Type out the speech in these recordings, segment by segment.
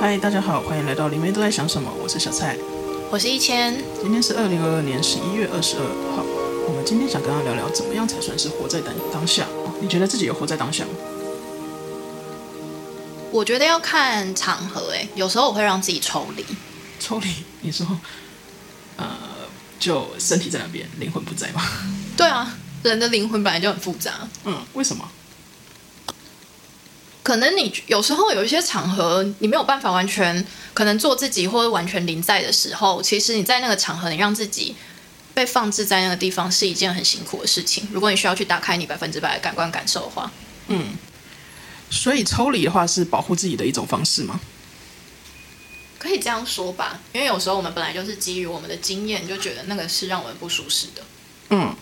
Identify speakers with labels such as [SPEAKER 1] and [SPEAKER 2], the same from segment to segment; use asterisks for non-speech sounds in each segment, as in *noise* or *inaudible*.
[SPEAKER 1] 嗨，大家好，歡迎來到《裡面都在想什麼》，我是小蔡，我是一千，今天是二零二二年十一月二十二號，我們今天想跟大家聊聊怎麼樣才算是活在當當下。哦，你覺得自己有活在當下嗎？
[SPEAKER 2] 我覺得要看場合誒，有時候我會讓自己抽離，抽離，
[SPEAKER 1] 你說，呃，就身體在那邊，靈魂不在嗎？
[SPEAKER 2] 對啊，人的靈魂本來就很複雜，嗯，為什麼？可能你有時候有一些場合，你沒有辦法完全可能做自己，或者完全臨在的時候，其實你在那個場合，你讓自己被放置在那個地方，是一件很辛苦的事情。如果你需要去打開你百分之百的感官感受的話，嗯，
[SPEAKER 1] 所以抽離的話是保護自己的一種方式嗎？
[SPEAKER 2] 可以這樣說吧，因為有時候我們本來就是基於我們的經驗，就覺得那個是讓我們不舒適
[SPEAKER 1] 的。嗯，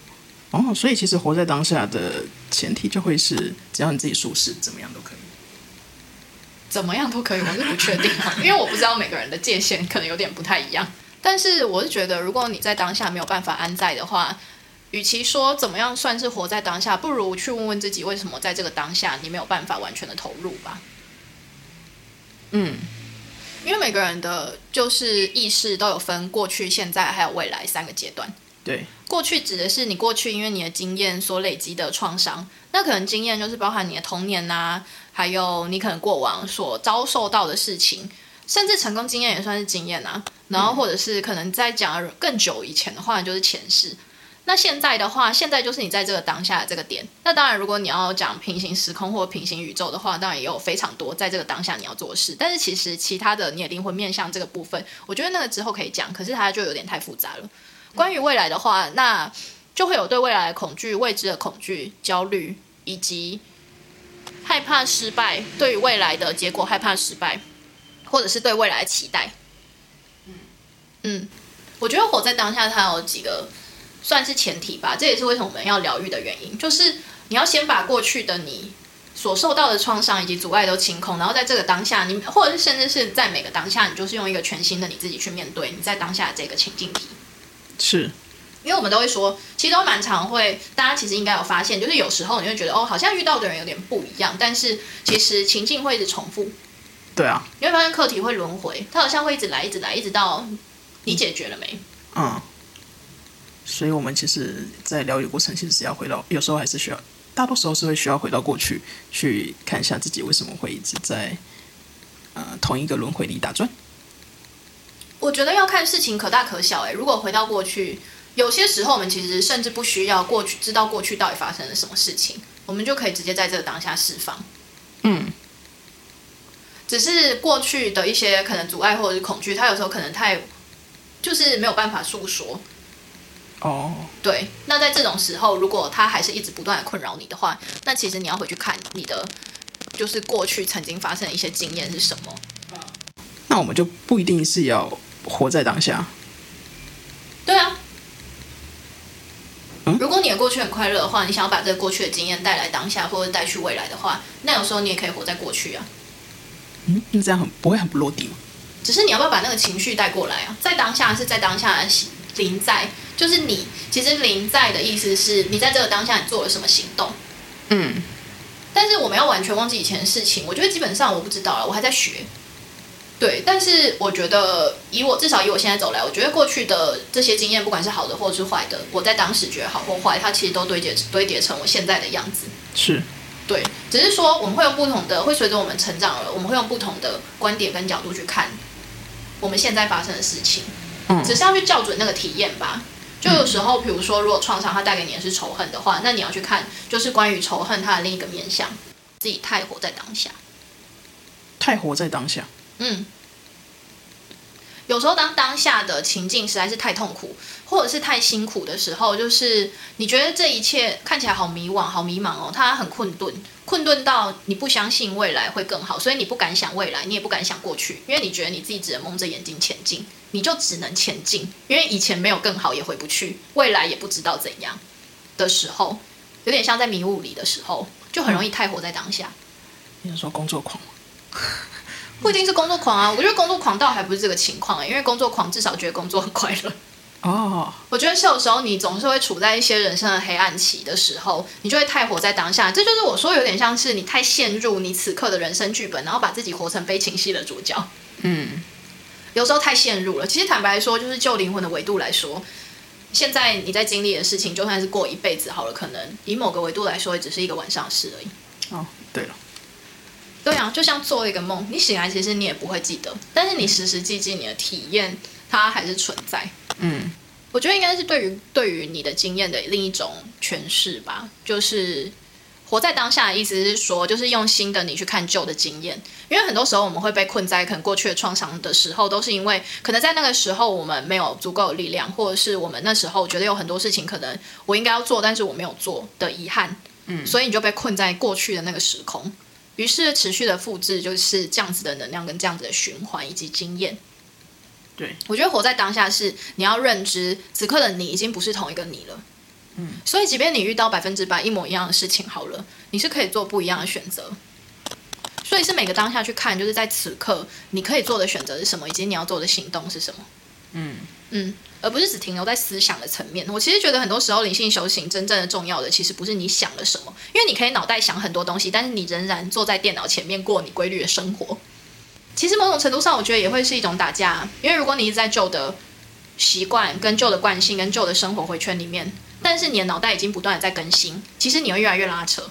[SPEAKER 1] 哦，所以其實活在當下的前提就會是，只要你自己舒適，怎麼樣都可以。
[SPEAKER 2] 怎麼樣都可以，我是不確定啊，因為我不知道每個人的界限可能有點不太一樣。但是我是覺得，如果你在當下沒有辦法安在的話，與其說怎麼樣算是活在當下，不如去問問自己，為什麼在這個當下你沒有辦法完全的投入吧？嗯，因為每個人的就是意識都有分過去、現在還有未來三個階段。對，過去指的是你過去因為你的經驗所累積的創傷，那可能經驗就是包含你的童年吶、啊，還有你可能過往所遭受到的事情，甚至成功經驗也算是經驗吶、啊。然後或者是可能在講更久以前的話，就是前世、嗯。那現在的話，現在就是你在這個當下的這個點。那當然，如果你要講平行時空或平行宇宙的話，當然也有非常多在這個當下你要做事。但是其實其他的，你的靈魂面向這個部分，我覺得那個之後可以講，可是它就有點太複雜了。關於未來的話，那就會有對未來的恐懼、未知的恐懼、焦慮，以及害怕失敗。對於未來的結果害怕失敗，或者是對未來的期待。嗯，我覺得活在當下，它有幾個算是前提吧。這也是為什麼我們要療癒的原因，就是你要先把過去的你所受到的創傷以及阻礙都清空，然後在這個當下，你或者是甚至是在每個當下，你就是用一個全新的你自己去面對你在當下的這個情境裡。是，因為我們都會說，其實都蠻常會。大家其實應該有發現，就是有時候你會覺得，哦，好像遇到的人有點不一樣，但是其實情境會一直重複。
[SPEAKER 1] 對啊，
[SPEAKER 2] 你會發現課題會輪迴，它好像會一直來，一直來，一直到你解決了沒？嗯。
[SPEAKER 1] 嗯，所以，我們其實，在療癒過程，其實是要回到，有時候還是需要，大多時候是會需要回到過去，去看一下自己為什麼會一直在，呃，同一個輪迴裡打轉。
[SPEAKER 2] 我覺得要看事情可大可小，哎、欸。如果回到過去，有些時候我們其實甚至不需要過去知道過去到底發生了什麼事情，我們就可以直接在這個當下釋放。嗯。只是過去的一些可能阻礙或者是恐懼，他有時候可能太就是沒有辦法訴說。
[SPEAKER 1] 哦。
[SPEAKER 2] 對。那在這種時候，如果他還是一直不斷的困擾你的話，那其實你要回去看你的就是過去曾經發生的一些經驗是什麼。
[SPEAKER 1] 那我們就不一定是要。活在當下。
[SPEAKER 2] 對啊。嗯，如果你的過去很快樂的話，你想要把這個過去的經驗帶來當下，或者帶去未來的話，那有時候你也可以活在過去啊。嗯，
[SPEAKER 1] 那這樣很不會很不落地嗎？
[SPEAKER 2] 只是你要不要把那個情緒帶過來啊？在當下是在當下的臨在，就是你其實臨在的意思是你在這個當下你做了什麼行動。嗯。但是我沒有完全忘記以前的事情，我覺得基本上我不知道了，我還在學。對，但是我覺得，以我至少以我現在走來，我覺得過去的這些經驗，不管是好的或是壞的，我在當時覺得好或壞，它其實都堆疊堆疊成我現在的樣子。是，對，只是說我們會用不同的，會隨着我們成長了，我們會用不同的觀點跟角度去看我們現在發生的事情。嗯，只是要去校準那個體驗吧。就有時候，嗯、比如說，如果創傷它帶給你的是仇恨的話，那你要去看，就是關於仇恨它的另一個面向，自己太活在當下，
[SPEAKER 1] 太活在當下。
[SPEAKER 2] 嗯，有時候當當下的情境實在是太痛苦，或者是太辛苦的時候，就是你覺得這一切看起來好迷惘、好迷茫哦，它很困頓，困頓到你不相信未來會更好，所以你不敢想未來，你也不敢想過去，因為你覺得你自己只能蒙着眼睛前進，你就只能前進，因為以前沒有更好，也回不去，未來也不知道怎樣的時候，有點像在迷霧裡的時候，就很容易太活在當下。你
[SPEAKER 1] 是說工作狂嗎？ *laughs*
[SPEAKER 2] 不一定是工作狂啊，我覺得工作狂倒還不是這個情況、欸，因為工作狂至少覺得工作很快樂。哦、oh.，我覺得是有時候你總是會處在一些人生的黑暗期的時候，你就會太活在當下，這就是我說有點像是你太陷入你此刻的人生劇本，然後把自己活成悲情戲的主角。嗯、mm.，有時候太陷入了。其實坦白來說，就是就靈魂的維度來說，現在你在經歷的事情，就算是過一輩子好了，可能以某個維度來說，也只是一個晚上事而已。哦、
[SPEAKER 1] oh,，對了。
[SPEAKER 2] 對啊，就像做一個夢，你醒來其實你也不會記得，但是你實實際際你的體驗它還是存在。嗯，我覺得應該是對於對於你的經驗的另一種詮釋吧。就是活在當下的意思是說，就是用心的你去看舊的經驗，因為很多時候我們會被困在可能過去的創傷的時候，都是因為可能在那個時候我們沒有足夠的力量，或者是我們那時候覺得有很多事情可能我應該要做，但是我沒有做的遺憾。嗯，所以你就被困在過去的那個時空。於是持續的複製，就是這樣子的能量跟這樣子的循環以及經驗。
[SPEAKER 1] 對，
[SPEAKER 2] 我覺得活在當下是你要認知此刻的你已經不是同一個你了。嗯，所以即便你遇到百分之百一模一樣的事情，好了，你是可以做不一樣的選擇。所以是每個當下去看，就是在此刻你可以做的選擇是什麼，以及你要做的行動是什麼。嗯，而不是只停留在思想的層面。我其實覺得很多時候靈性修行真正的重要的，其實不是你想了什麼，因為你可以腦袋想很多東西，但是你仍然坐在電腦前面過你規律的生活。其實某種程度上，我覺得也會是一種打架，因為如果你一直在舊的習慣、跟舊的慣性、跟舊的生活回圈裡面，但是你的腦袋已經不斷的在更新，其實你會越來越拉扯。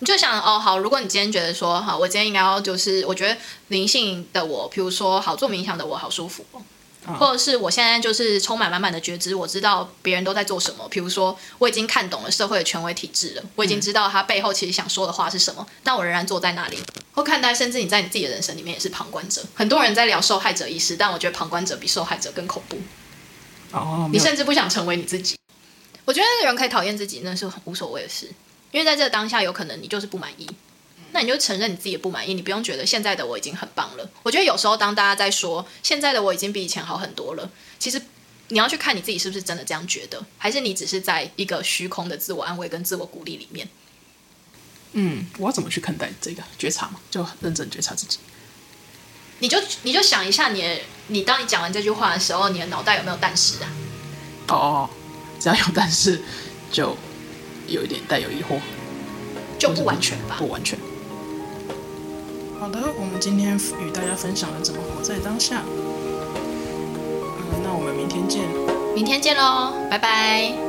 [SPEAKER 2] 你就想哦，好，如果你今天覺得說，好，我今天應該要就是，我覺得靈性的我，譬如說，好做冥想的我，好舒服哦。或者是我現在就是充滿滿滿的覺知，我知道別人都在做什麼。比如說，我已經看懂了社會的權威體制了，我已經知道他背後其實想說的話是什麼，但我仍然坐在那裡或看待。甚至你在你自己的人生裡面也是旁觀者。很多人在聊受害者意識，但我覺得旁觀者比受害者更恐怖。
[SPEAKER 1] Oh, oh，你甚
[SPEAKER 2] 至不想成為你自己。我覺得人可以討厭自己，那是無所謂的事，因為在這個當下，有可能你就是不滿意。那你就承認你自己也不滿意，你不用覺得現在的我已經很棒了。我覺得有時候當大家在說現在的我已經比以前好很多了，其實你要去看你自己是不是真的這樣覺得，還是你只是在一個虛空的自我安慰跟自我鼓勵裡
[SPEAKER 1] 面。嗯，我要怎麼去看待這個覺察嘛？就認真覺察自己。
[SPEAKER 2] 你就你就想一下你，你的你當你講完這句話的時候，你的腦袋有沒有但
[SPEAKER 1] 是啊？哦，哦，只要有但是，就有一點帶有疑惑，就不完全吧？就是不完全。不完全。好的，我們今天與大家分享了怎麼活在當下。嗯，那我們明天見，
[SPEAKER 2] 明天見嘍，拜拜。